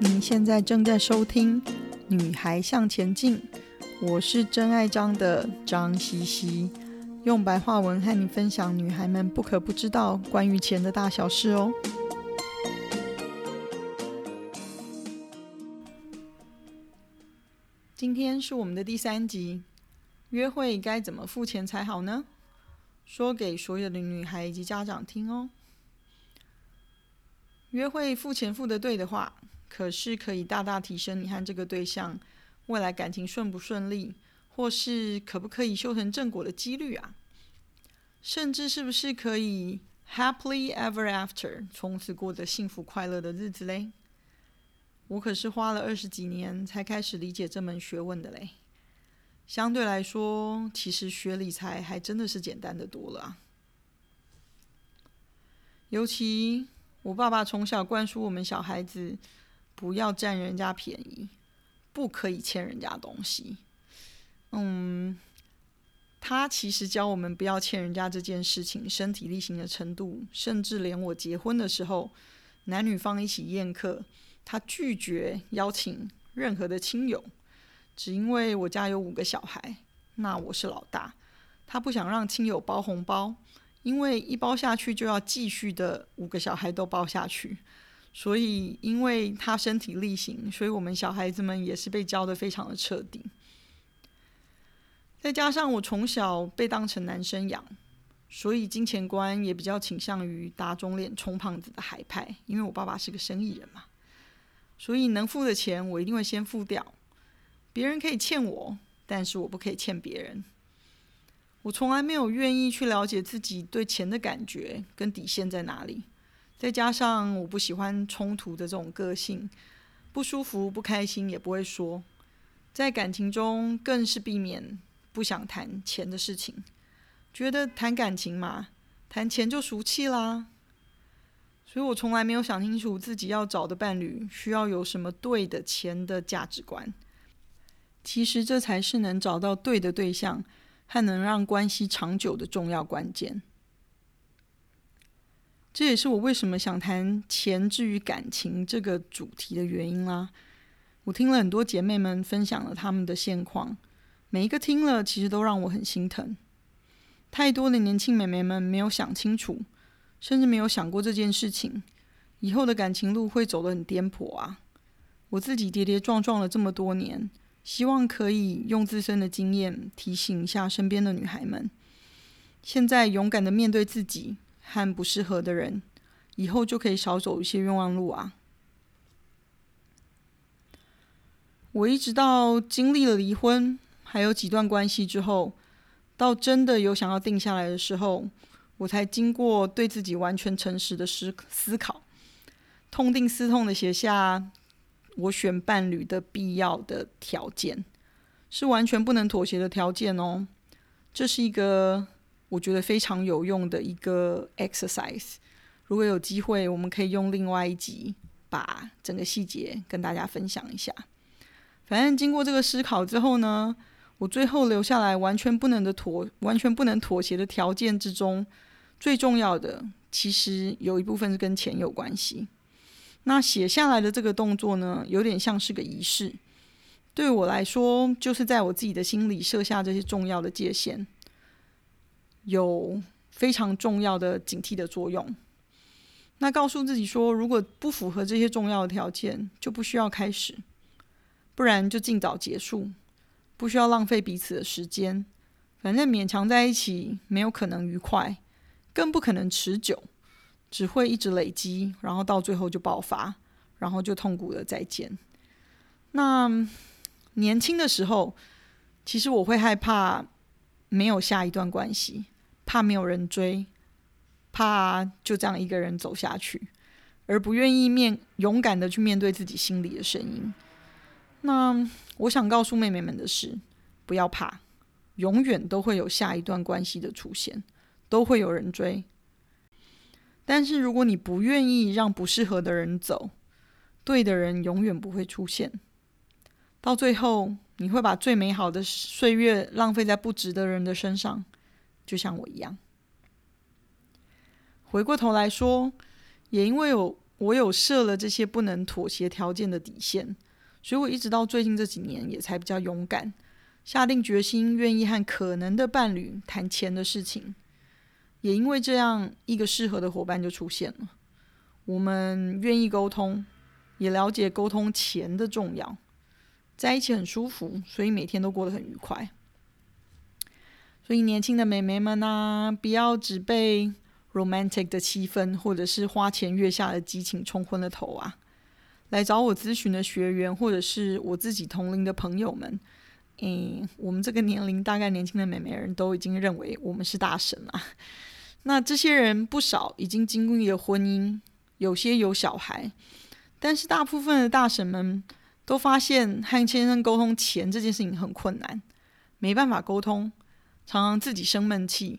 你現在正在收聽《女孩向前進》，我是真愛張的張茜茜，用白話文和你分享女孩們不可不知道關於錢的大小事哦。今天是我們的第三集，約會該怎麼付錢才好呢？說給所有的女孩以及家長聽哦。約會付錢付得對的話，可是可以大大提升你和這個對象未來感情順不順利，或是可不可以修成正果的幾率啊？甚至是不是可以 happily ever after，從此過着幸福快樂的日子嘞。我可是花了二十幾年才開始理解這門學問的嘞。相對來說，其實學理財還真的是簡單的多了。尤其我爸爸從小灌輸我們小孩子。不要佔人家便宜，不可以欠人家東西。嗯，他其實教我們不要欠人家這件事情，身體力行的程度，甚至連我結婚的時候，男女方一起宴客，他拒絕邀請任何的親友，只因為我家有五個小孩，那我是老大，他不想讓親友包紅包，因為一包下去就要繼續的五個小孩都包下去。所以，因為他身體力行，所以我們小孩子們也是被教的非常的徹底。再加上我從小被當成男生養，所以金錢觀也比較傾向於打腫臉充胖子的海派。因為我爸爸是個生意人嘛，所以能付的錢我一定會先付掉。別人可以欠我，但是我不可以欠別人。我從來沒有願意去了解自己對錢的感覺跟底線在哪裡。再加上我不喜歡衝突的這種個性，不舒服、不開心也不會說，在感情中更是避免不想談錢的事情，覺得談感情嘛，談錢就俗氣啦，所以我從來沒有想清楚自己要找的伴侶需要有什麼對的錢的價值觀，其實這才是能找到對的對象還能讓關係長久的重要關鍵。這也是我為什麼想談錢之於感情這個主題的原因啦。我聽了很多姐妹們分享了她們的現況，每一個聽了其實都讓我很心疼。太多的年輕美眉們沒有想清楚，甚至沒有想過這件事情，以後的感情路會走得很顛簸啊！我自己跌跌撞撞了這麼多年，希望可以用自身的經驗提醒一下身邊的女孩們，現在勇敢地面對自己。和不適合的人，以後就可以少走一些冤枉路啊！我一直到經歷了離婚，還有幾段關係之後，到真的有想要定下來的時候，我才經過對自己完全誠實的思思考，痛定思痛的寫下我選伴侶的必要的條件，是完全不能妥協的條件哦。這是一個。我覺得非常有用的一個 exercise。如果有機會，我們可以用另外一集把整個細節跟大家分享一下。反正經過這個思考之後呢，我最後留下來完全不能的妥，完全不能妥協的條件之中，最重要的其實有一部分是跟錢有關係。那寫下來的這個動作呢，有點像是個儀式，對我來說，就是在我自己的心裡設下這些重要的界限。有非常重要的警惕的作用。那告訴自己說，如果不符合這些重要的條件，就不需要開始，不然就盡早結束，不需要浪費彼此的時間。反正勉強在一起，沒有可能愉快，更不可能持久，只會一直累積，然後到最後就爆發，然後就痛苦的再見。那年輕的時候，其實我會害怕沒有下一段關係。怕沒有人追，怕就這樣一個人走下去，而不願意面，勇敢的去面對自己心裡的聲音。那我想告訴妹妹們的是，不要怕，永遠都會有下一段關係的出現，都會有人追。但是如果你不願意讓不適合的人走，對的人永遠不會出現，到最後你會把最美好的歲月浪費在不值得人的身上。就像我一樣，回過頭來說，也因為有我，我有設了這些不能妥協條件的底線，所以我一直到最近這幾年也才比較勇敢，下定決心願意和可能的伴侶談錢的事情。也因為這樣一個適合的伙伴就出現了，我們願意溝通，也了解溝通錢的重要，在一起很舒服，所以每天都過得很愉快。所以，年輕的美眉們呢、啊，不要只被 romantic 的氣氛，或者是花前月下的激情沖昏了頭啊！來找我諮詢的學員，或者是我自己同齡的朋友們，嗯，我們這個年齡，大概年輕的美眉人都已經認為我們是大神了。那這些人不少已經經歷過婚姻，有些有小孩，但是大部分的大神們都發現和先生溝通錢這件事情很困難，沒辦法溝通。常常自己生悶氣，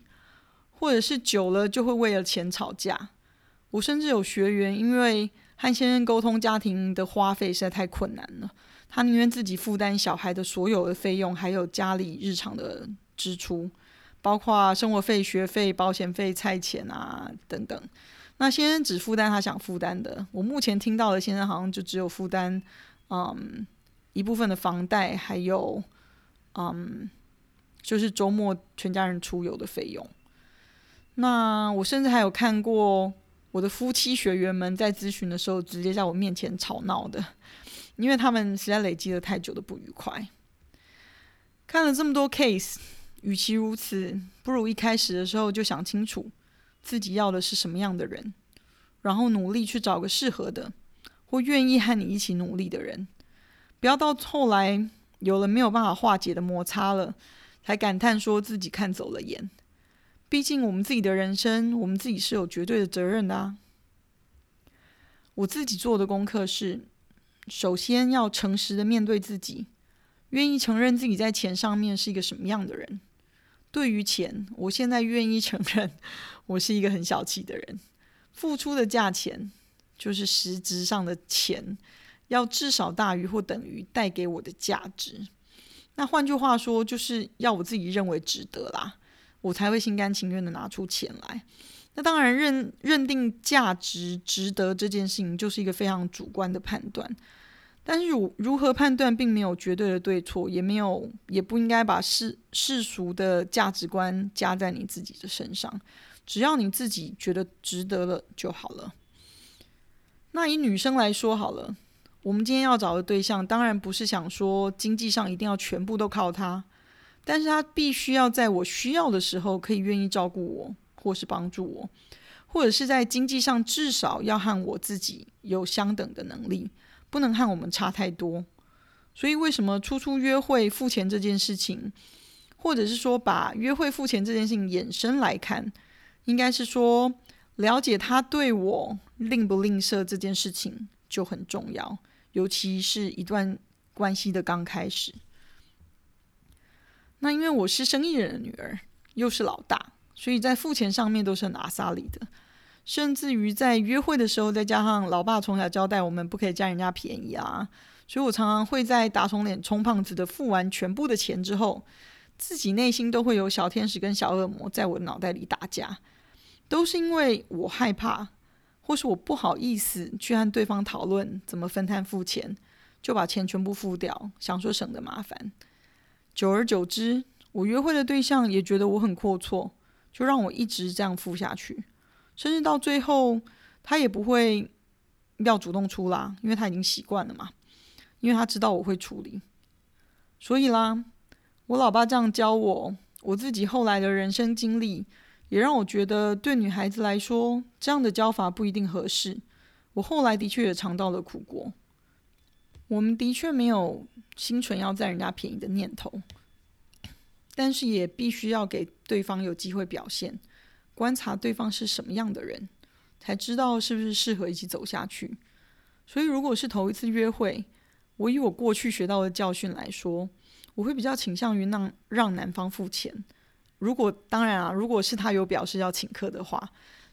或者是久了就會為了錢吵架。我甚至有學員因為和先生溝通，家庭的花費實在太困難了，他寧願自己負擔小孩的所有的費用，還有家裡日常的支出，包括生活費、學費、保險費、菜錢啊等等。那先生只負擔他想負擔的。我目前聽到的先生好像就只有負擔，嗯，一部分的房貸，還有嗯。就是週末全家人出遊的費用。那我甚至還有看過我的夫妻學員們在諮詢的時候，直接在我面前吵鬧的，因為他們實在累積了太久的不愉快。看了這麼多 case，與其如此，不如一開始的時候就想清楚自己要的是什麼樣的人，然後努力去找個適合的，或願意和你一起努力的人，不要到後來有了沒有辦法化解的摩擦了。才感嘆說自己看走了眼，畢竟我們自己的人生，我們自己是有絕對的責任的啊。我自己做的功課是，首先要誠實的面對自己，願意承認自己在錢上面是一個什麼樣的人。對於錢，我現在願意承認，我是一個很小氣的人。付出的價錢，就是實質上的錢，要至少大於或等於帶給我的價值。那換句話說，就是要我自己認為值得啦，我才會心甘情願的拿出錢來。那當然認，認認定價值值得這件事情，就是一個非常主觀的判斷。但是，如如何判斷，並沒有絕對的對錯，也沒有，也不應該把世世俗的價值觀加在你自己的身上。只要你自己覺得值得了就好了。那以女生來說，好了。我們今天要找的對象，當然不是想說經濟上一定要全部都靠他，但是他必須要在我需要的時候可以願意照顧我，或是幫助我，或者是在經濟上至少要和我自己有相等的能力，不能和我們差太多。所以，為什麼初初約會付錢這件事情，或者是說把約會付錢這件事情衍生來看，應該是說了解他對我吝不吝嗇這件事情就很重要。尤其是一段關係的剛開始，那因為我是生意人的女兒，又是老大，所以在付錢上面都是很阿莎力的，甚至於在約會的時候，再加上老爸從小交代我們不可以占人家便宜啊，所以我常常會在打腫臉充胖子的付完全部的錢之後，自己內心都會有小天使跟小惡魔在我腦袋裡打架，都是因為我害怕。或是我不好意思去和對方討論怎麼分攤付錢，就把錢全部付掉，想說省得麻煩。久而久之，我約會的對象也覺得我很闊綽，就讓我一直這樣付下去。甚至到最後，他也不會要主動出啦，因為他已經習慣了嘛，因為他知道我會處理。所以啦，我老爸這樣教我，我自己後來的人生經歷。也讓我覺得，對女孩子來說，這樣的教法不一定合適。我後來的確也嘗到了苦果。我們的確沒有心存要佔人家便宜的念頭，但是也必須要給對方有機會表現，觀察對方是什麼樣的人，才知道是不是適合一起走下去。所以，如果是頭一次約會，我以我過去學到的教訓來說，我會比較傾向於讓讓男方付錢。如果當然啊，如果是他有表示要請客的話，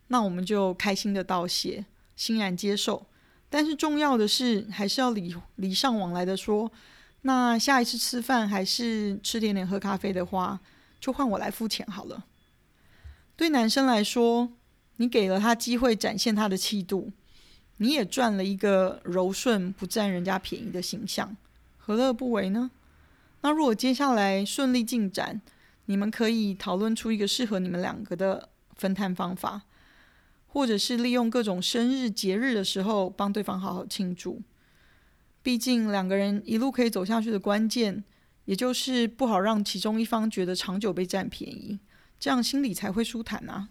那我們就開心的道謝，欣然接受。但是重要的是，還是要禮禮尚往來的說，那下一次吃飯還是吃點點喝咖啡的話，就換我來付錢好了。對男生來說，你給了他機會展現他的氣度，你也賺了一個柔順不佔人家便宜的形象，何樂不為呢？那如果接下來順利進展，你們可以討論出一個適合你們兩個的分攤方法，或者是利用各種生日、節日的時候幫對方好好慶祝。畢竟兩個人一路可以走下去的關鍵，也就是不好讓其中一方覺得長久被占便宜，這樣心裡才會舒坦吶、啊。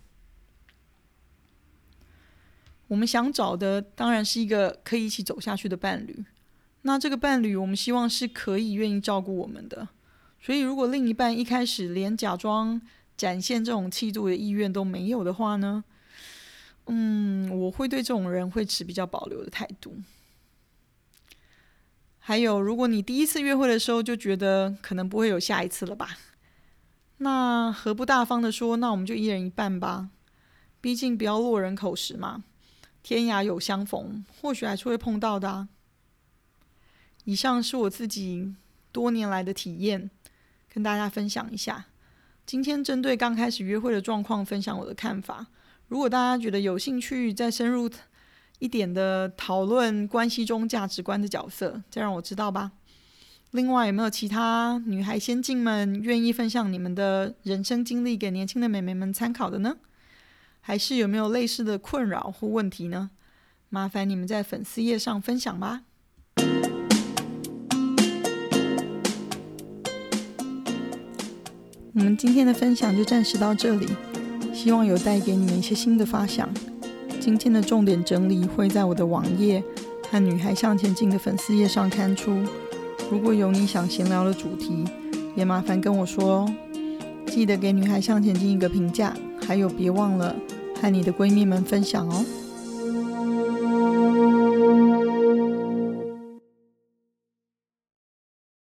我們想找的當然是一個可以一起走下去的伴侶，那這個伴侶我們希望是可以願意照顧我們的。所以，如果另一半一開始連假裝展現這種氣度的意願都沒有的話呢？嗯，我會對這種人會持比較保留的態度。還有，如果你第一次約會的時候就覺得可能不會有下一次了吧，那何不大方的說，那我們就一人一半吧？畢竟不要落人口實嘛。天涯有相逢，或許還是會碰到的啊。以上是我自己多年來的體驗。跟大家分享一下，今天針對剛開始約會的狀況分享我的看法。如果大家覺得有興趣再深入一點的討論關係中價值觀的角色，再讓我知道吧。另外，有沒有其他女孩先進們願意分享你們的人生經歷給年輕的美眉們參考的呢？還是有沒有類似的困擾或問題呢？麻煩你們在粉絲頁上分享吧。我們今天的分享就暫時到這裡，希望有帶給你們一些新的發想。今天的重點整理會在我的網頁和《女孩向前進》的粉絲頁上刊出。如果有你想閒聊的主題，也麻煩跟我說哦。記得給《女孩向前進》一個評價，還有別忘了和你的閨蜜們分享哦。